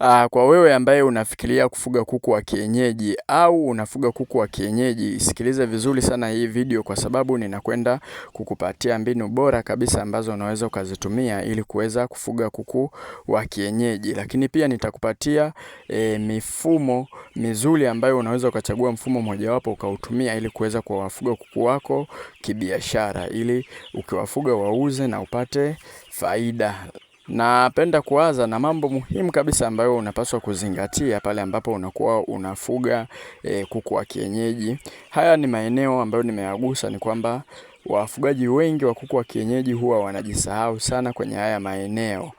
Aa, ah, kwa wewe ambaye unafikiria kufuga kuku wa kienyeji au unafuga kuku wa kienyeji, sikiliza vizuri sana hii video kwa sababu ninakwenda kukupatia mbinu bora kabisa ambazo unaweza ukazitumia ili kuweza kufuga kuku wa kienyeji. Lakini pia nitakupatia e, mifumo mizuri ambayo unaweza ukachagua mfumo mojawapo ukautumia ili kuweza kuwafuga kuku wako kibiashara ili ukiwafuga wauze na upate faida. Napenda kuwaza na mambo muhimu kabisa ambayo unapaswa kuzingatia pale ambapo unakuwa unafuga e, kuku wa kienyeji. Haya ni maeneo ambayo nimeyagusa ni kwamba wafugaji wengi wa kuku wa kienyeji huwa wanajisahau sana kwenye haya maeneo.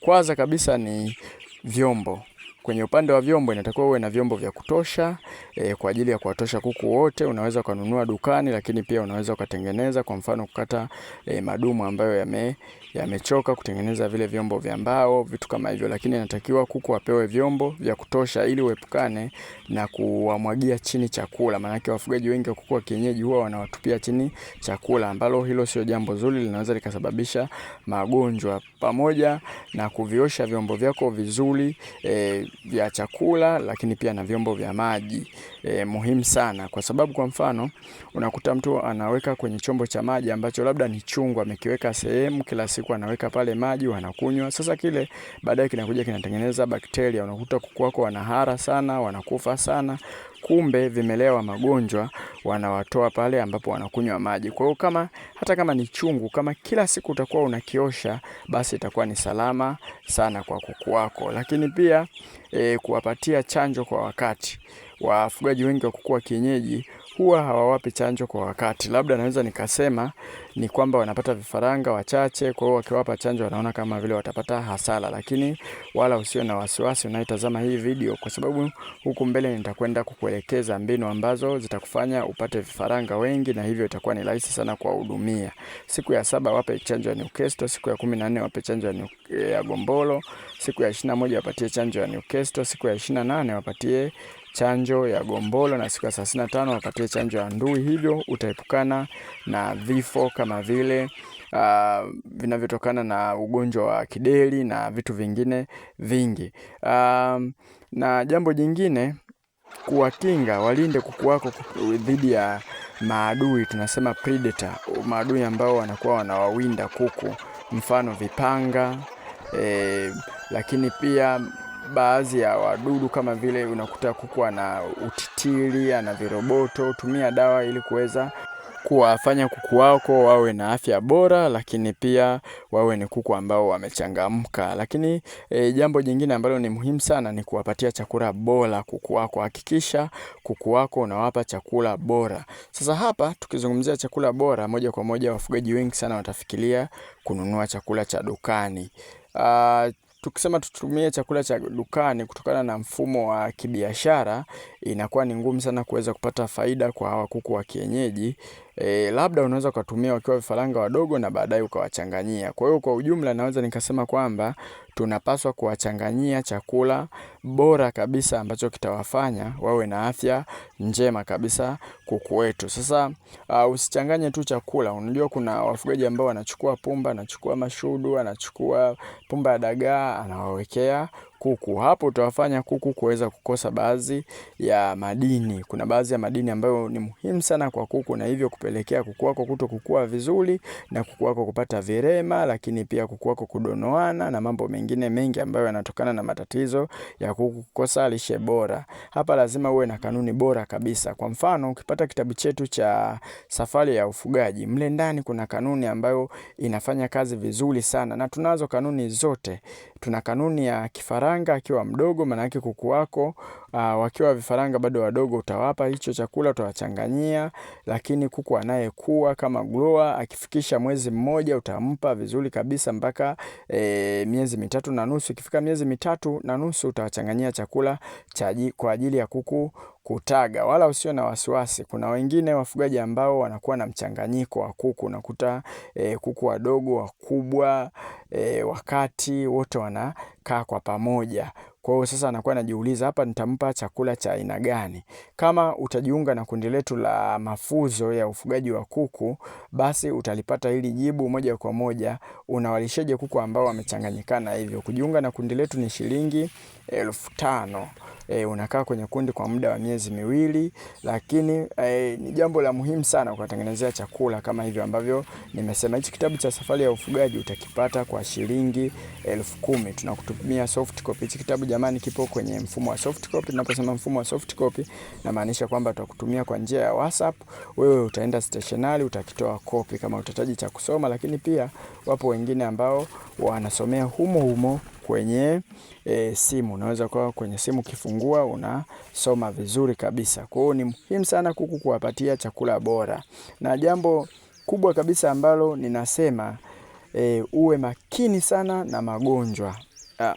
Kwanza kabisa ni vyombo. Kwenye upande wa vyombo inatakiwa uwe na vyombo vya kutosha e, kwa ajili ya kuwatosha kuku wote. Unaweza kununua dukani, lakini pia unaweza ukatengeneza, kwa mfano kukata e, madumu ambayo yame yamechoka, kutengeneza vile vyombo vya mbao, vitu kama hivyo, lakini inatakiwa kuku apewe vyombo vya kutosha ili uepukane na kuwamwagia chini chakula. Maanake wafugaji wengi wa kuku wa kienyeji huwa wanawatupia chini chakula, ambalo hilo sio jambo zuri, linaweza likasababisha magonjwa. Pamoja na kuviosha vyombo vyako vizuri e, vya chakula, lakini pia na vyombo vya maji. E, muhimu sana kwa sababu kwa mfano unakuta mtu anaweka kwenye chombo cha maji ambacho labda ni chungu, amekiweka sehemu, kila siku anaweka pale maji wanakunywa. Sasa kile baadaye kinakuja kinatengeneza bakteria, unakuta kuku wako wanahara sana, wanakufa sana kumbe vimelewa magonjwa wanawatoa pale ambapo wanakunywa maji. Kwa hiyo kama hata kama ni chungu, kama kila siku utakuwa unakiosha, basi itakuwa ni salama sana kwa kuku wako. Lakini pia e, kuwapatia chanjo kwa wakati. Wafugaji wengi wa kuku wa kienyeji huwa hawawapi chanjo kwa wakati. Labda naweza nikasema ni kwamba wanapata vifaranga wachache, kwa hiyo wakiwapa chanjo wanaona kama vile watapata hasara, lakini wala usio na wasiwasi unaitazama hii video, kwa sababu huku mbele nitakwenda kukuelekeza mbinu ambazo zitakufanya upate vifaranga wengi, na hivyo itakuwa ni rahisi sana kuwahudumia. Siku ya saba wape chanjo ya Newcastle, siku ya kumi na nne wape chanjo ya ya gombolo, siku ya ishirini na moja wapatie chanjo ya Newcastle, siku ya ishirini na nane wapatie chanjo ya gombolo na siku ya 35 wapatie chanjo ya ndui, hivyo utaepukana na vifo kama vile Uh, vinavyotokana na ugonjwa wa kideri na vitu vingine vingi. Um, na jambo jingine kuwakinga, walinde kuku wako dhidi ya maadui, tunasema predator, maadui ambao wanakuwa wanawawinda kuku, mfano vipanga eh, lakini pia baadhi ya wadudu kama vile unakuta kuku ana utitiri, ana viroboto. Tumia dawa ili kuweza kuwafanya kuku wako wawe na afya bora, lakini pia wawe ni kuku ambao wamechangamka. Lakini e, jambo jingine ambalo ni muhimu sana ni kuwapatia chakula bora kuku wako. Hakikisha kuku wako unawapa chakula bora. Sasa hapa tukizungumzia chakula bora, moja kwa moja wafugaji wengi sana watafikiria kununua chakula cha dukani. Uh, tukisema tutumie chakula cha dukani kutokana na mfumo wa kibiashara, inakuwa ni ngumu sana kuweza kupata faida kwa hawa kuku wa kienyeji e, labda unaweza ukatumia wakiwa vifaranga wadogo na baadaye ukawachanganyia. Kwa hiyo kwa ujumla, naweza nikasema kwamba tunapaswa kuwachanganyia chakula bora kabisa ambacho kitawafanya wawe na afya njema kabisa kuku wetu. Sasa uh, usichanganye tu chakula. Unajua kuna wafugaji ambao wanachukua pumba, anachukua mashudu, anachukua pumba ya dagaa, anawawekea kuku. Hapo utawafanya kuku kuweza kukosa baadhi ya madini. Kuna baadhi ya madini ambayo ni muhimu sana kwa kuku, na hivyo kupelekea kuku wako kuto kukua vizuri na kuku wako kupata virema, lakini pia kuku wako kudonoana na mambo mengine mengi ambayo yanatokana na matatizo ya kuku kukosa lishe bora. Hapa lazima uwe na kanuni bora kabisa. Kwa mfano, ukipata kitabu chetu cha Safari ya Ufugaji, mle ndani kuna kanuni ambayo inafanya kazi vizuri sana na tunazo kanuni zote. Tuna kanuni ya kifaranga akiwa mdogo, maanaake kuku wako uh, wakiwa vifaranga bado wadogo, utawapa hicho chakula, utawachanganyia. Lakini kuku anayekua kama grower akifikisha mwezi mmoja utampa vizuri kabisa mpaka e, miezi mitatu na nusu. Ikifika miezi mitatu na nusu utawachanganyia chakula chaji, kwa ajili ya kuku kutaga, wala usio na wasiwasi. Kuna wengine wafugaji ambao wanakuwa na mchanganyiko wa kuku, unakuta e, kuku wadogo, wakubwa, e, wakati wote wanakaa kwa pamoja. Kwa hiyo sasa anakuwa anajiuliza hapa nitampa chakula cha aina gani? Kama utajiunga na kundi letu la mafuzo ya ufugaji wa kuku, basi utalipata hili jibu moja kwa moja, unawalishaje kuku ambao wamechanganyikana hivyo. Kujiunga na kundi letu ni shilingi elfu tano e, unakaa kwenye kundi kwa muda wa miezi miwili, lakini e, ni jambo la muhimu sana kuwatengenezea chakula kama hivyo ambavyo nimesema. Hichi kitabu cha Safari ya Ufugaji utakipata kwa shilingi elfu kumi. Tunakutumia soft copy. Hichi kitabu jamani, kipo kwenye mfumo wa soft copy. Tunaposema mfumo wa soft copy, namaanisha kwamba tutakutumia kwa njia ya WhatsApp. Wewe utaenda stationari utakitoa kopi kama utahitaji cha kusoma, lakini pia wapo wengine ambao wanasomea humo humo kwenye e, simu. Unaweza ukawa kwenye simu ukifungua unasoma vizuri kabisa. Kwa hiyo ni muhimu sana kuku kuwapatia chakula bora, na jambo kubwa kabisa ambalo ninasema e, uwe makini sana na magonjwa. Ah,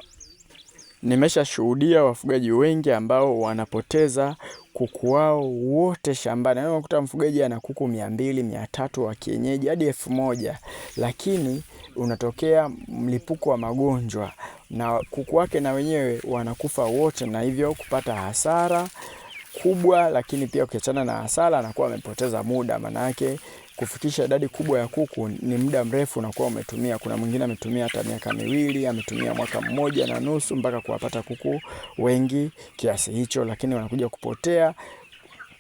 nimeshashuhudia wafugaji wengi ambao wanapoteza kuku wao wote shambani. Yaani unakuta mfugaji ana kuku mia mbili mia tatu wa kienyeji hadi elfu moja lakini unatokea mlipuko wa magonjwa na kuku wake na wenyewe wanakufa wote, na hivyo kupata hasara kubwa. Lakini pia ukiachana na hasara, anakuwa amepoteza muda, maana yake kufikisha idadi kubwa ya kuku ni muda mrefu unakuwa umetumia. Kuna mwingine ametumia hata miaka miwili, ametumia mwaka mmoja na nusu mpaka kuwapata kuku wengi kiasi hicho, lakini wanakuja kupotea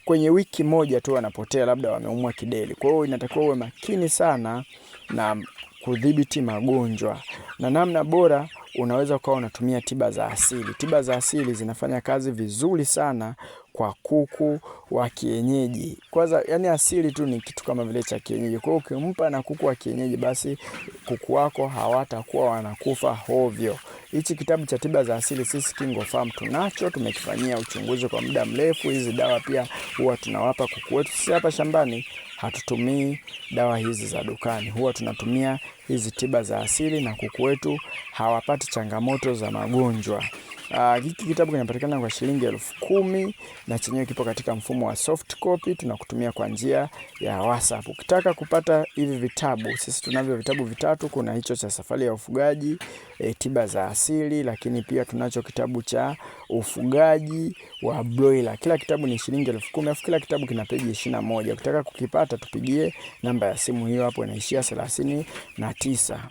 kwenye wiki moja tu, wanapotea labda wameumwa kideli. Kwa hiyo inatakiwa uwe makini sana na kudhibiti magonjwa na namna bora unaweza ukawa unatumia tiba za asili. Tiba za asili zinafanya kazi vizuri sana kwa kuku wa kienyeji. Kwanza yani, asili tu ni kitu kama vile cha kienyeji. Kwa hiyo ukimpa na kuku wa kienyeji, basi kuku wako hawatakuwa wanakufa hovyo. Hichi kitabu cha tiba za asili sisi Farm tunacho, tumekifanyia uchunguzi kwa muda mrefu. Hizi dawa pia huwa tunawapa kuku wetu sisi hapa shambani hatutumii dawa hizi za dukani, huwa tunatumia hizi tiba za asili, na kuku wetu hawapati changamoto za magonjwa. Ah, hiki uh, kitabu kinapatikana kwa shilingi elfu kumi na chenyewe kipo katika mfumo wa soft copy, tunakutumia kwa njia ya WhatsApp. Ukitaka kupata hivi vitabu, sisi tunavyo vitabu vitatu. Kuna hicho cha safari ya ufugaji e, tiba za asili, lakini pia tunacho kitabu cha ufugaji wa broiler. Kila kitabu ni shilingi elfu kumi afu kila kitabu kina peji ishirini na moja. Ukitaka kukipata, tupigie namba ya simu hiyo hapo inaishia thelathini na tisa.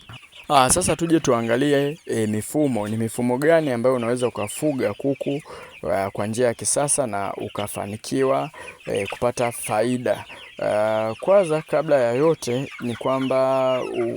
Aa, ah, sasa tuje tuangalie e, mifumo ni mifumo gani ambayo unaweza ukafuga kuku ah, kwa njia ya kisasa na ukafanikiwa e, kupata faida. Uh, kwanza kabla ya yote ni kwamba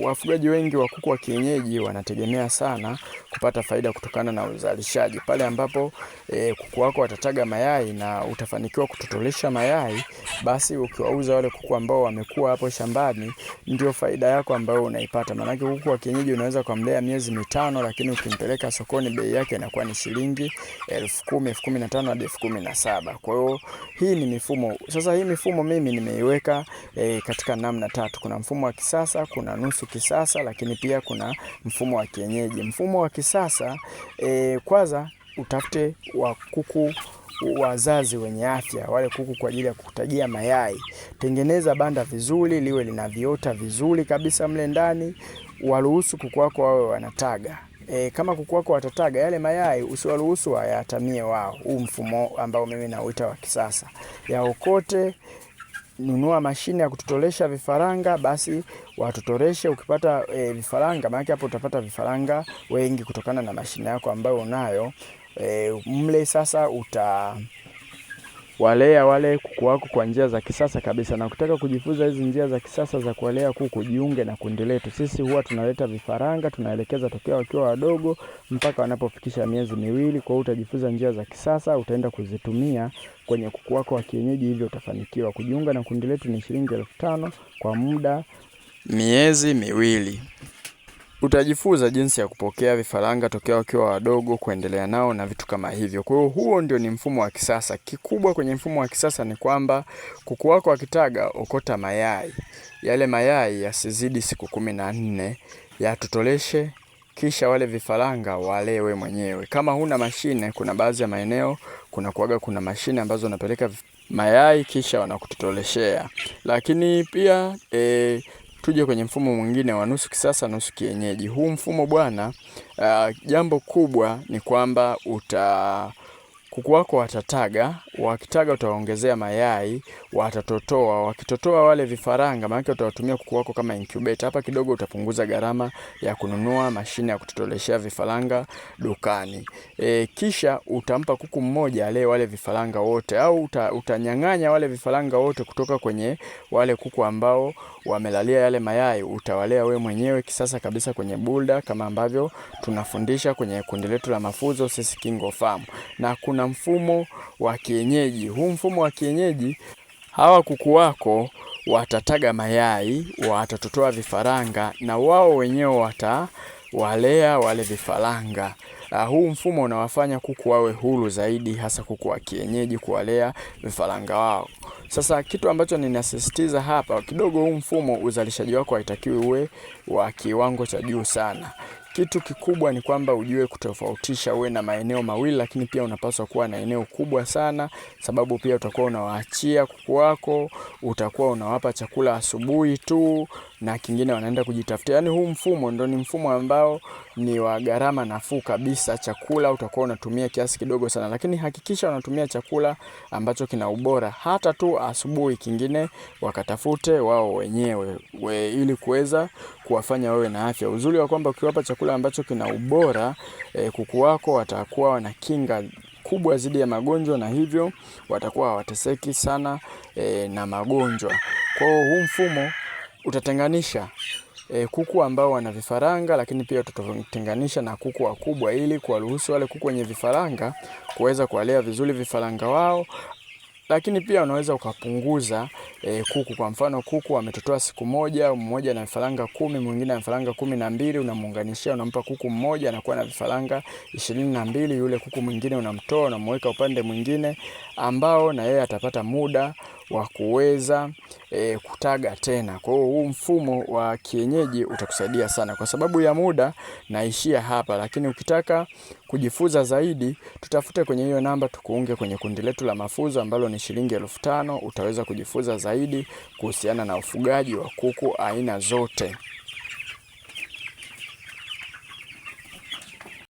wafugaji wengi wa kuku wa kienyeji wanategemea sana kupata faida kutokana na uzalishaji pale ambapo eh, kuku wako watataga mayai na utafanikiwa kutotolesha mayai, basi ukiwauza wale kuku ambao wamekuwa hapo shambani ndio faida yako ambayo unaipata. Maanake kuku wa kienyeji unaweza kumlea miezi mitano, lakini ukimpeleka sokoni bei yake inakuwa ni shilingi elfu kumi, elfu kumi na tano hadi elfu kumi na saba. Kwa hiyo hii ni mifumo sasa, hii mifumo mimi nimeiweka kuweka e, katika namna tatu. Kuna mfumo wa kisasa, kuna nusu kisasa, lakini pia kuna mfumo wa kienyeji. Mfumo wa kisasa e, kwanza utafute wa kuku wazazi wenye afya, wale kuku kwa ajili ya kutagia mayai. Tengeneza banda vizuri, liwe lina viota vizuri kabisa mle ndani, waruhusu kuku wako wawe wanataga. E, kama kuku wako watataga yale mayai usiwaruhusu wayatamie wao. Huu mfumo ambao mimi nauita wa kisasa, yaokote nunua mashine ya kututolesha vifaranga, basi watutoreshe ukipata e, vifaranga, maanake hapo utapata vifaranga wengi kutokana na mashine yako ambayo unayo e, mle sasa uta walea wale kuku wako kwa njia za kisasa kabisa. Na ukitaka kujifunza hizi njia za kisasa za kuwalea kuku, jiunge na kundi letu. Sisi huwa tunaleta vifaranga, tunaelekeza tokea wakiwa wadogo mpaka wanapofikisha miezi miwili. Kwa hiyo utajifunza njia za kisasa, utaenda kuzitumia kwenye kuku wako wa kienyeji, hivyo utafanikiwa. Kujiunga na kundi letu ni shilingi elfu tano kwa muda miezi miwili utajifunza jinsi ya kupokea vifaranga tokea wakiwa wadogo, kuendelea nao na vitu kama hivyo. Kwa hiyo huo ndio ni mfumo wa kisasa. Kikubwa kwenye mfumo wa kisasa ni kwamba kuku wako akitaga, okota mayai yale, mayai yasizidi siku kumi na nne, yatotoleshe kisha wale vifaranga walewe mwenyewe. Kama huna mashine, kuna baadhi ya maeneo kuna kuaga, kuna mashine ambazo unapeleka mayai kisha wanakutotoleshea, lakini pia e, tuje kwenye mfumo mwingine wa nusu kisasa nusu kienyeji. Huu mfumo bwana, uh, jambo kubwa ni kwamba uta kuku wako watataga, wakitaga utawaongezea mayai, watatotoa. Wakitotoa wale vifaranga, maanake utawatumia kuku wako kama incubator. Hapa kidogo utapunguza gharama ya kununua mashine ya kutotoleshea vifaranga dukani. E, kisha utampa kuku mmoja ale wale vifaranga wote, au uta, utanyang'anya wale vifaranga wote kutoka kwenye wale kuku ambao wamelalia yale mayai, utawalea we mwenyewe kisasa kabisa kwenye bulda, kama ambavyo tunafundisha kwenye kundi letu la mafunzo sisi KingoFarm na kuna na mfumo wa kienyeji. Huu mfumo wa kienyeji, hawa kuku wako watataga mayai, watatotoa vifaranga na wao wenyewe watawalea wale vifaranga. Uh, huu mfumo unawafanya kuku wawe huru zaidi, hasa kuku wa kienyeji kuwalea vifaranga wao. Sasa kitu ambacho ninasisitiza hapa kidogo, huu mfumo uzalishaji wako haitakiwi uwe wa kiwango cha juu sana. Kitu kikubwa ni kwamba ujue kutofautisha, uwe na maeneo mawili, lakini pia unapaswa kuwa na eneo kubwa sana, sababu pia utakuwa unawaachia kuku wako, utakuwa unawapa chakula asubuhi tu na kingine wanaenda kujitafutia. Yani huu mfumo ndo ni mfumo ambao ni wa gharama nafuu kabisa. Chakula utakuwa unatumia kiasi kidogo sana, lakini hakikisha unatumia chakula ambacho kina ubora, hata tu asubuhi. Kingine wakatafute wao wenyewe we, ili kuweza kuwafanya wawe na afya. Uzuri wa kwamba ukiwapa chakula ambacho kina ubora e, kuku wako watakuwa wana kinga kubwa zidi ya magonjwa na hivyo watakuwa hawateseki sana e, na magonjwa. Kwa hiyo huu mfumo utatenganisha e, kuku ambao wana vifaranga, lakini pia utatenganisha na kuku wakubwa ili kuwaruhusu wale kuku wenye vifaranga kuweza kuwalea vizuri vifaranga wao. Lakini pia unaweza ukapunguza e, kuku. Kwa mfano kuku ametotoa siku moja, mmoja na vifaranga kumi, mwingine na vifaranga kumi na mbili, unamuunganishia, unampa kuku mmoja anakuwa na vifaranga ishirini na mbili. Yule kuku mwingine unamtoa, unamuweka upande mwingine ambao na yeye atapata muda wa kuweza e, kutaga tena. Kwa hiyo huu mfumo wa kienyeji utakusaidia sana. Kwa sababu ya muda naishia hapa, lakini ukitaka kujifunza zaidi, tutafute kwenye hiyo namba tukuunge kwenye kundi letu la mafunzo ambalo ni shilingi elfu tano. Utaweza kujifunza zaidi kuhusiana na ufugaji wa kuku aina zote.